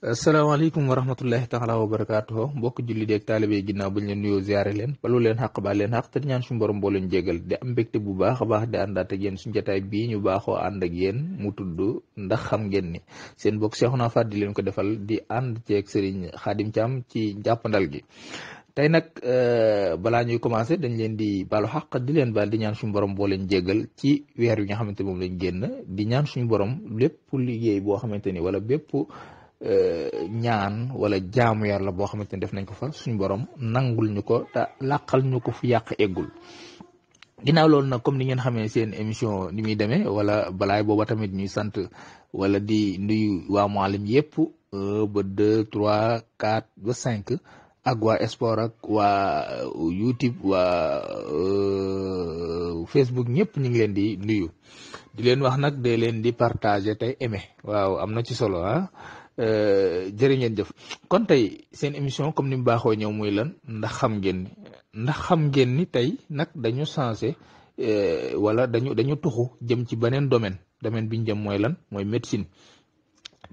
asalaamaaleykum wa rahmatullahi taala wa barakaatuho mbokk julli deeg taalibe yi ginnaaw bañ leen nuyoo ziare leen balu leen xaq ba leen xaq te ñaan suñu borom boo leen di am mbégte bu baax a baax di àndaat ak yéen suñu jotaay bii ñu baaxoo ànd ak yéen mu tudd ndax xam ngeen ni seen bokk Seexuna Faat di leen ko defal di ànd ceeg Serigne Khadim Thiam ci jàppandal gi tey nag euh, balaa ñuy commencé dañ leen di baalu xaq di leen baal di ñaan suñu borom boo leen jégal ci weer wi nga xamante moom lañ génn di ñaan suñu borom lépp liggéey boo xamante ni wala bépp Euh, ñaan wala jaamu yàlla boo xamante ni def nañ ko fa suñu borom nangul ñu ko te làqal ñu ko fu yàq eggul ginnaaw loolu nag comme ni ngeen xamee seen émission ni muy demee wala balaay booba tamit ñuy sant wala di nuyu waa Mouhalim yëpp ba deux trois quatre ba cinq ak waa sport ak waa euh, YouTube waa euh, Facebook ñëpp ñu ngi leen di nuyu di leen wax nag de leen di partager tey aimé waaw am na ci solo ah Euh, jërë ngeen jëf kon tey seen émission comme ni mu baaxoo ñëw mooy lan ndax xam ngeen ni ndax xam ngeen ni tey nag dañu changé euh, wala dañu dañu tuxu jëm ci beneen domaine domaine bi ñu jëm mooy lan mooy médecine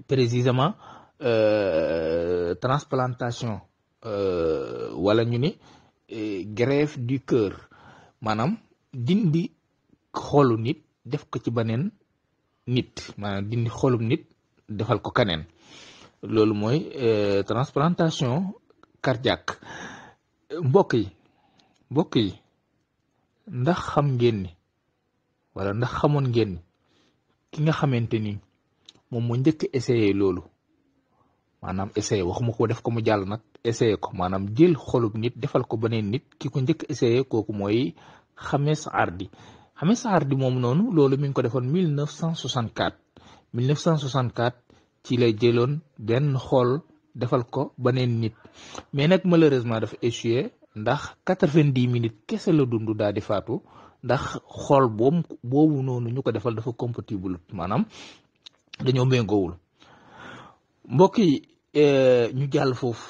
précisément euh, transplantation wala ñu ni greffe du cœur maanaam dindi xoolu nit def ko ci beneen nit maanaam dindi xoolum nit defal ko keneen loolu mooy euh, transplantation cardiaque mbokk yi mbokk yi ndax xam ngeen ni wala ndax xamoon ngeen ki nga xamante ni moom moo njëkk essayé loolu maanaam essayé waxuma koo def ko mu jàll nag essayé ko maanaam jël xolub nit defal ko beneen nit ki ko njëkk essayé kooku mooy sa James Hardy James Hardy moom noonu loolu mi ngi ko defoon mille 1964 1964 ci la jëloon benn xool defal ko beneen nit mais nag malheureusement dafa échoué ndax quatre-vingt-dix minutes kese la dund daal di faatu ndax xool boobu boobu noonu ñu ko defal dafa compatible maanaam dañoo méngoowul mbokk yi euh, ñu jàll foofu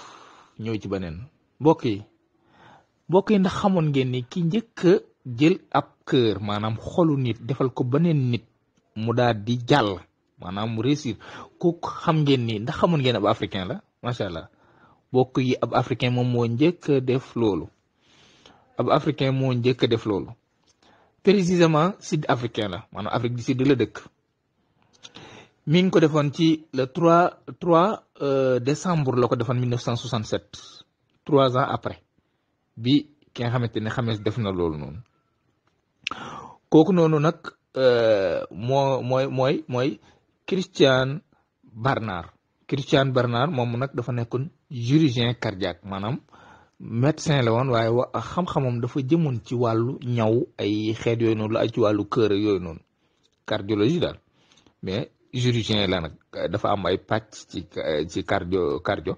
ñëw ci beneen mbokk yi mbokk yi ndax xamoon ngeen ni ki njëkk jël ab kër maanaam xoolu nit defal ko beneen nit mu daal di jàll maanaam mu réussir kook xam ngeen nii ndax xamoon ngeen ab africain la macha allah bokk yi ab africain moom moo njëkk a def loolu ab africain moo njëkk a def loolu précisément sud africain la maanaam Afrique du Sud la dëkk. mi ngi ko defoon ci le 3 3 euh, décembre la ko defoon 1967 trois ans après bi ki nga xamante ne xamees def na loolu noonu kooku noonu nag euh, moo mooy mooy mooy. Christian Barnard Christian Barnard moom nag dafa nekkoon chirurgien cardiaque maanaam médecin la woon waaye wa xam-xamam dafa jëmoon ci wàllu ñaw ay xeet yooyu noonu la ay ci wàllu kër yooyu noonu cardiologie daal mais chirurgien la nag dafa am ay pàcc ci ci cardio cardio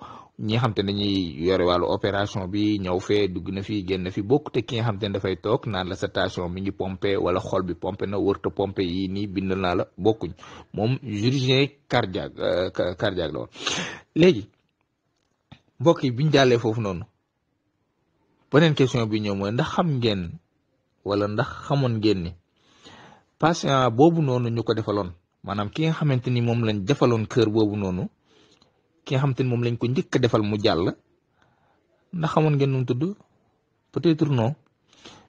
ñi nga xam te ne dañuy yore wàllu opération bi ñëw fee dugg na fi génn fi bokk ki nga xam te ne dafay toog naan la sa tension mi ngi pompé wala xol bi pompé na wërta pompe yi nii bind naa bokkuñ moom chirurgien euh, cardiaque la woon léegi mbokk yi biñ jàllee foofu noonu beneen question bi ñëw mooy ndax xam ngeen wala ndax xamoon ngeen ni patient boobu noonu ñu ko defaloon maanaam ki nga xamante ni moom lañ jafaloon kër boobu noonu ki nga xam te moom lañ ko njëkk defal mu jàll ndax xamoon ngeen nu tudd peut-être non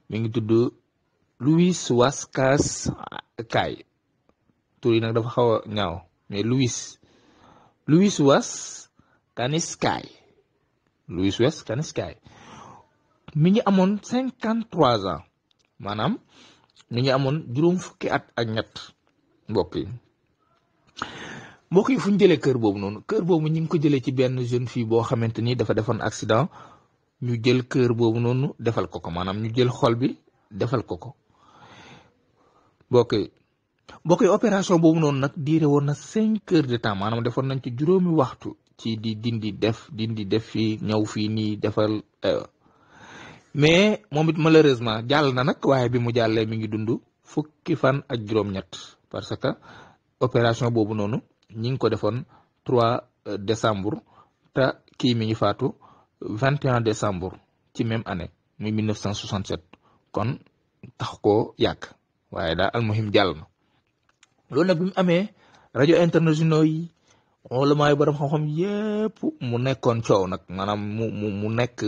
mi ngi tudd Louis Waskas Kaay tur yi nag dafa xaw a ñaaw mais Louis Louis Waskanis Kaay Louis Waskanis Kaay mi ngi amoon cinquante trois ans maanaam mi ngi amoon juróom fukki ak ak ñett mbokk yi mbokk yi fu ñu jëlee kër boobu noonu kër boobu ñu ngi ko jëlee ci benn jeune fille boo xamante ni dafa defoon accident ñu jël kër boobu noonu defal ko ko maanaam ñu jël xol bi defal ko ko mbokk yi mbokk opération boobu noonu nag diire woon na cinq heures temps maanaam defoon nañ ci juróomi waxtu ci di dindi def dindi def fii ñëw fii nii defal euh. mais moom it malheureusement jàll na nag waaye bi mu jàllee mi ngi dund fukki fan ak juróom parce que opération boobu noonu. ñi ngi ko defoon 3 euh, décembre te kii mi ngi faatu 21 décembre ci même année muy 1967 kon tax ko yàgg waaye daal almuhim jàll na loolu nag bi mu amee rajo internationaux yi ulama yu borom xam-xam yépp mu nekkoon coow nag maanaam mu mu mu nekk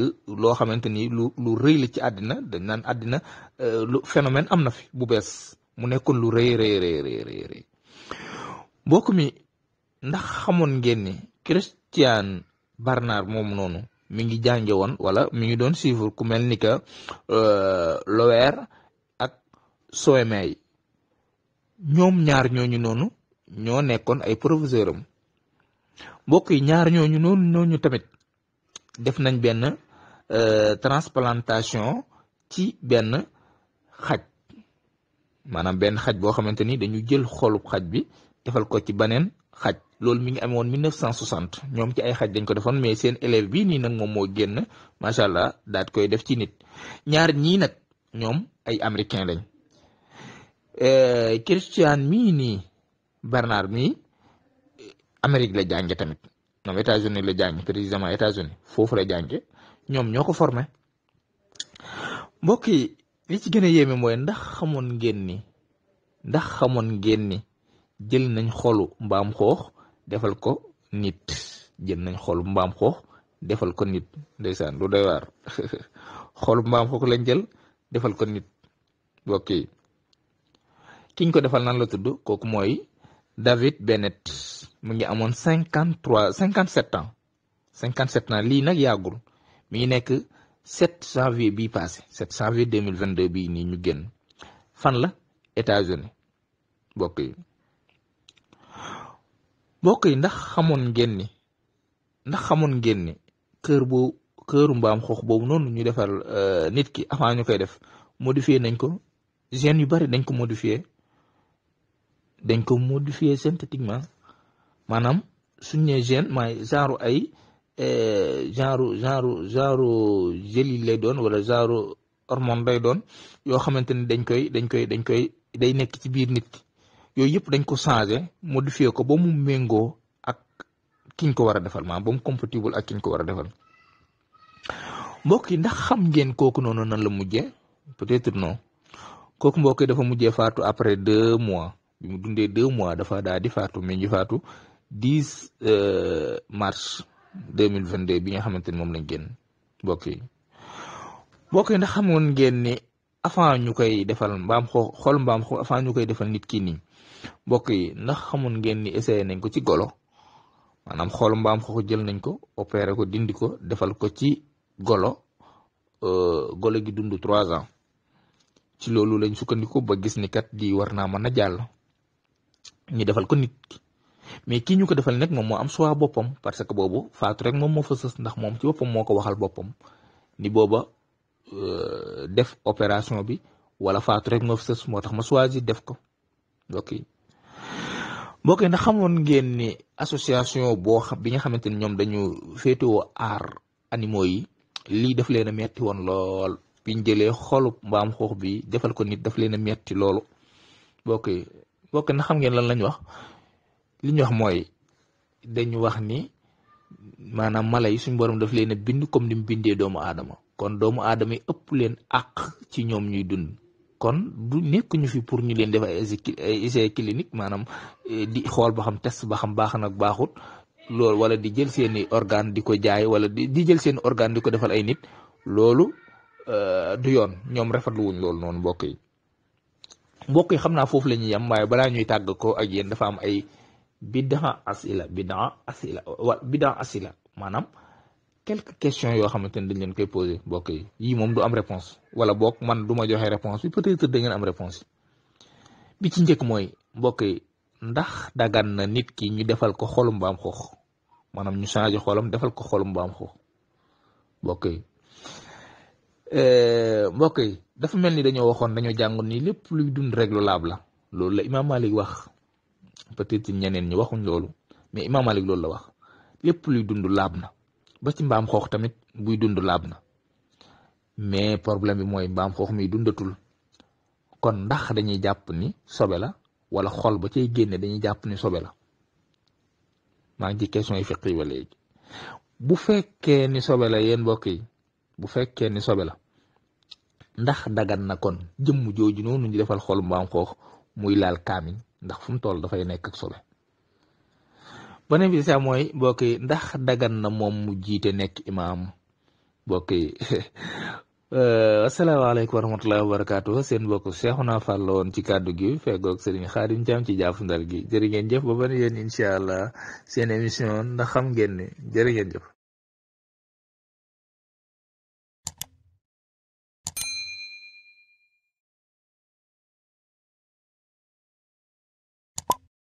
loo xamante ni lu lu rëy ci àddina dañ naan àddina euh, lu phénomène am na fi bu bees mu nekkoon lu rëy rëy rëy rëy ndax xamoon ngeen ni Christian Barnard moomu noonu mi ngi jànge woon wala mi ngi doon suivre ku mel ni que euh, Lower ak Soemay ñoom ñaar ñooñu noonu ñoo nekkoon ay professeur am mbokk yi ñaar ñooñu noonu ñooñu tamit def nañ benn euh, transplantation ci benn xaj maanaam benn xaj boo xamante ni dañu jël xolub xaj bi defal ko ci beneen xaaj loolu mi ngi amee woon 1960 ñoom ci ay xaj dañ ko defoon mais seen élève bi ni nag moom moo génn macha allah daat koy def ci nit ñaar ñii nag ñoom ay américain lañ euh, Christian mii nii Barnard mii Amérique la jànge tamit ñoom États-Unis la jànge précisément États-Unis foofu la jànge ñoom ñoo ko formé mbokk yi li ci gën a yéeme mooy ndax xamoon ngeen ni ndax xamoon ngeen ni jël nañ xolu mbaam xoox defal ko nit jël nañ xolu mbaam xoox defal ko nit ndeysaan lu doy waar xolu mbaam xoox lañ jël defal ko nit mbokk yi kiñ ko defal nan la tudd kooku mooy David Bennett mu ngi amoon cinquante trois cinquante sept ans cinquante sept ans lii nag yàggul mu ngi nekk sept janvier bii passé sept janvier deux mille vingt deux bii nii ñu génn fan la États-Unis mbokk yi mbokk yi ndax xamoon ngeen ni ndax xamoon ngeen ni kër bu këru mbaam xoox boobu noonu ñu defal euh, nit ki avant ñu koy def modifié nañ ko gènes yu bari dañ ko modifié dañ ko modifié synthétiquement maanaam suñ ne gène maay genre ay euh, genre genre genre jëli lay doon wala genre hormone lay doon yoo xamante ni dañ koy dañ koy dañ koy day nekk ci biir nit ki yooyu yëpp dañ ko changé modifier ko ba mu méngoo ak kiñ ko war a defal maanaam ba mu compatible ak kiñ ko war a defal mbokk yi ndax xam ngeen kooku noonu nan la mujjee peut-être non kooku mbokk dafa mujjee faatu après deux mois bi mu dundee deux mois dafa daal di faatu mi ngi faatu 10 euh, mars 2022 bi nga xamante ni moom lañ génn mbokk yi mbokk yi ndax xamoon ngeen ni avant ñu koy defal mbaam xo xool mbaam xo avant ñu koy defal nit ki nii mbokk yi ndax xamoon ngeen ni essayé nañ ko ci golo maanaam xool mbaam xooxu jël nañ ko opéré ko dindi ko defal ko ci golo euh, golo gi dund trois ans ci loolu lañ sukkandiku ba gis ni kat di war naa mën a jàll ñu defal ko nit mais kii ñu ko defal nag moom moo am choix boppam parce que boobu faatu rek moom moo fa sës ndax moom ci boppam moo ko waxal boppam ni booba euh, def opération bi wala faatu rek moo fa moo tax ma choisir def ko ok mbokk yi na xamoon ngeen ni association boo xam bi nga xamante ni ñoom dañu féetewoo aar animaux yi lii daf leen a metti woon lool biñ jëlee xolub mbaam xuux bi defal ko nit daf leen a metti loolu mbokk mbokk na xam ngeen lan lañ wax li ñu wax mooy dañu wax ni maanaam mala yi suñu borom daf leen a bind comme ni mu bindee doomu aadama kon doomu aadama yi ëpp leen àq ci ñoom ñuy dund kon nekk nekkuñu fi pour ñu leen def ay essai clinique maanaam eh, di xool ba xam test ba xam baax na ak baaxut loolu wala di jël seeni organ di ko jaay wala di jël seeni organe di ko defal ay nit loolu eh, du yoon ñoom rafetlu wuñ loolu noon mbokk yi mbokk yi xam naa foofu lañu ñuy waaye balaa ñuy tàgg ko yéen dafa am ay bidaa asila bidaa asila wa maanaam quelques questions yoo xamante ne dañ leen koy posé mbokk yi yii moom du am réponse wala boog man du ma joxe réponse bi peut-être da ngeen am réponse bi ci njëkk mooy mbokk yi ndax dagan na nit ki ñu defal ko xolum mbaam xoox maanaam ñu changé xolam defal ko xolum mbaam xoox mbokk yi euh, mbokk yi dafa mel ni dañoo waxoon dañoo jàngoon nii lépp luy dund rek lu laab la loolu la Imaam Malik wax peut-être ñeneen ñi waxuñ loolu mais Imaam Malik loolu la wax lépp luy dund laab na ba ci mbaam xoox tamit buy dund laab na mais problème bi mooy mbaam xoox mi dundatul kon ndax dañuy jàpp ni sobe la wala xol ba cay génne dañuy jàpp ni sobe la maa ngi ci question yi fiq yi ba léegi bu fekkee ni sobe la yéen mbokk yi bu fekkee ni sobe la ndax dagan na kon jëmm jooju noonu ñu defal xol mbaam xoox muy laal kaamiñ ndax fu mu toll dafay nekk ak sobe beneen bi sax mooy mbokk yi ndax dagan na moom mu jiite nekk imaam mbokk yi euh, asalaamaaleykum wa rahmatullahi wa barakaatu seen mbokk Cheikhouna Fall la woon ci kàddu gi feggoog Serigne Khadim Thiam ci jàpp ndal gi jërë ngeen jëf ba ban yéen incha allah seen émission ndax xam ngeen ni jërë ngeen